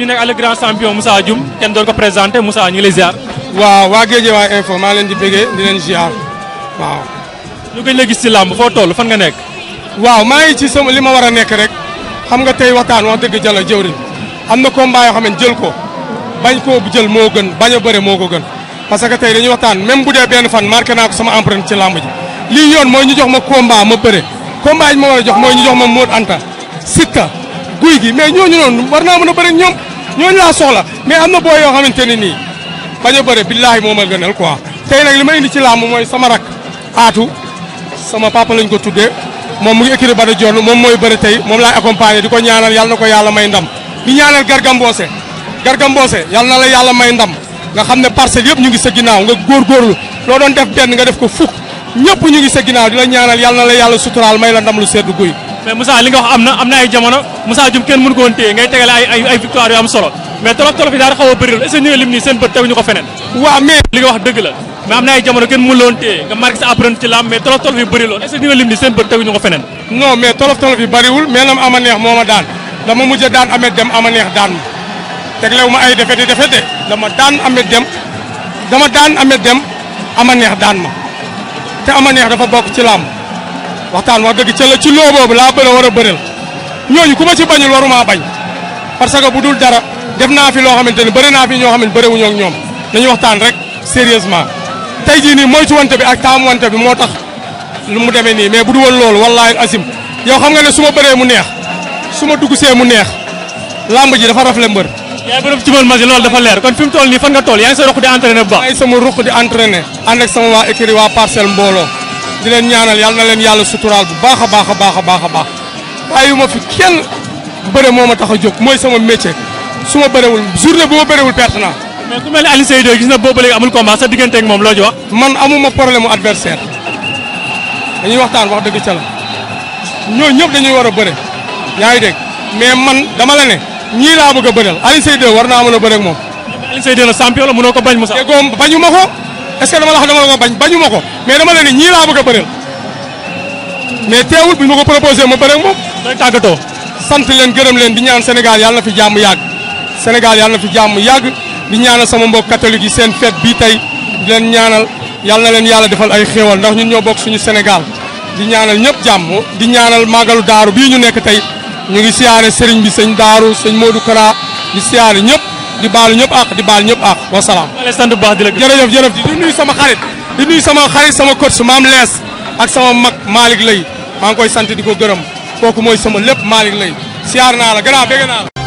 ñu nekk àll grand champion Moussa Dioum kenn doon ko présenté Moussa ñu ngi lay ziar. waaw waa info maa leen di bëggee di leen ziar waaw. ñu gëj la gis ci làmb foo toll fan nga nekk. waaw maa ngi ci sama li ma war a nekk rek xam nga tey waxtaan wax dëgg jalla jëwriñ am na combat yoo xam ne jël ko bañ koo bu jël moo gën bañ a bëre moo ko gën parce que tey dañuy waxtaan même bu dee benn fan marqué naa ko sama empreinte ci làmb ji lii yoon mooy ñu jox ma combat ma bëre combat yi ma jox mooy ñu jox ma Modou Anta Siteu Gouye Gui a bëre ñooñu laa soxla mais am na booy yoo xamante ne nii bañ a bëre billaahi moo ma gënal quoi tey nag li ma indi ci làmb mooy sama rak aatu sama papa lañ ko tuddee moom mu ngi écrir ba moom mooy bëri tey moom laay accompagner di ko ñaanal yàlla na ko yàlla may ndam di ñaanal gargamboose gargamboose yàlla na la yàlla may ndam nga xam ne parcelles yëpp ñu ngi sa ginnaaw nga góorgóorlu loo doon def benn nga def ko fukk ñëpp ñu ngi sa ginnaaw di la ñaanal yàlla na la yàlla suturaal may la ndam lu sedd guy mais Moussa li nga wax am na am na ay jamono Moussa Dioum kenn mënu ko woon téye ngay tegale ay ay ay victoire yu am solo mais tolof tolof yi daal xaw a bëri est-ce que lim nii seen bët teguñu ko feneen. waaw mais jamono kenn mënu la woon téye nga marqué sa apprenti ci lamb mais tolof tolof yi bëri loon est-ce que ñu neex moo ma daan dama mujj daan amet dem ama neex daan ma teglewu ma ay defet di defet de dama dem dama daan amet dem ama neex daan ma te ama neex dafa bokk ci lamb waxtan wax dëgg ci la ci lobo boobu laa bëre war a bëreel ñooñu kuma ci bañul waruma bañ parce que budul dara def na fi lo xamanteni ni na fi ño xamanteni ne wu ñok ñom dañu waxtan rek sérieusement tey jii nii moytu wante bi ak taamu wante bi motax lu mu demee ni mais budu du lool wallahi wallaahi asim yow xam nga ne suma ma mu neex suma ma dugg mu neex lamb ji dafa rafle mbeur yaay borom ci masi lool dafa leer kon fim toll ni fan nga toll yaa ngi sa ruq di entraîner bu baax ay sama ruq di entraîner ànd ak sama wa écrit wa parcel mbolo di leen ñaanal yàlla na leen yàlla suturaal bu baax a baax a baax a baax a baax bàyyi ma fi kenn bëre moo ma tax a jóg mooy sama métier su ma bërewul journée bu ma bërewul perte naa. mais ku mel ne Aliou Seydou gis na boobu léegi amul combat sa diggante ak moom loo ci wax. man amuma problème mu adversaire dañuy waxtaan wax dëgg ca la ñoo ñëpp dañuy war a bëre yaa ngi dégg mais man dama la ne ñii laa bëgg a bëreel Aliou Seydou war naa mën a bëre ak moom. Aliou Seydou la champion la mënoo ko bañ Moussa. déggoo bañu ma ko. est-ce que dama la wax dama la bañ bañu ma ko mais dama la ne ñii laa bëgg a mais teewul bu ñu ma ko proposé ma bëre ak moom. day tàggatoo. sant leen gërëm leen di ñaan Sénégal yàlla na fi jàmm yàgg Sénégal yàlla na fi jàmm yàgg di ñaanal sama mbokk yi seen fête bii tey di leen ñaanal yàlla na leen yàlla defal ay xéewal ndax ñun ñoo bokk suñu Sénégal di ñaanal ñëpp jàmm di ñaanal màggalu daaru bii ñu nekk tey ñu ngi siyaare sëriñ bi sëñ daaru sëñ Modou Kara di siyaare ñëpp di baalu ñëpp àq di baal ñëpp àq wa salaam. maa sant bu baax di la gërëm jërëjëf jërëjëf di nuyu sama xarit di nuyu sama xarit sama coach maam lees ak sama mag Malick Lay maa ngi koy sant di ko gërëm kooku mooy sama lépp Malick Lay siyaar naa la gannaaw bégg naa la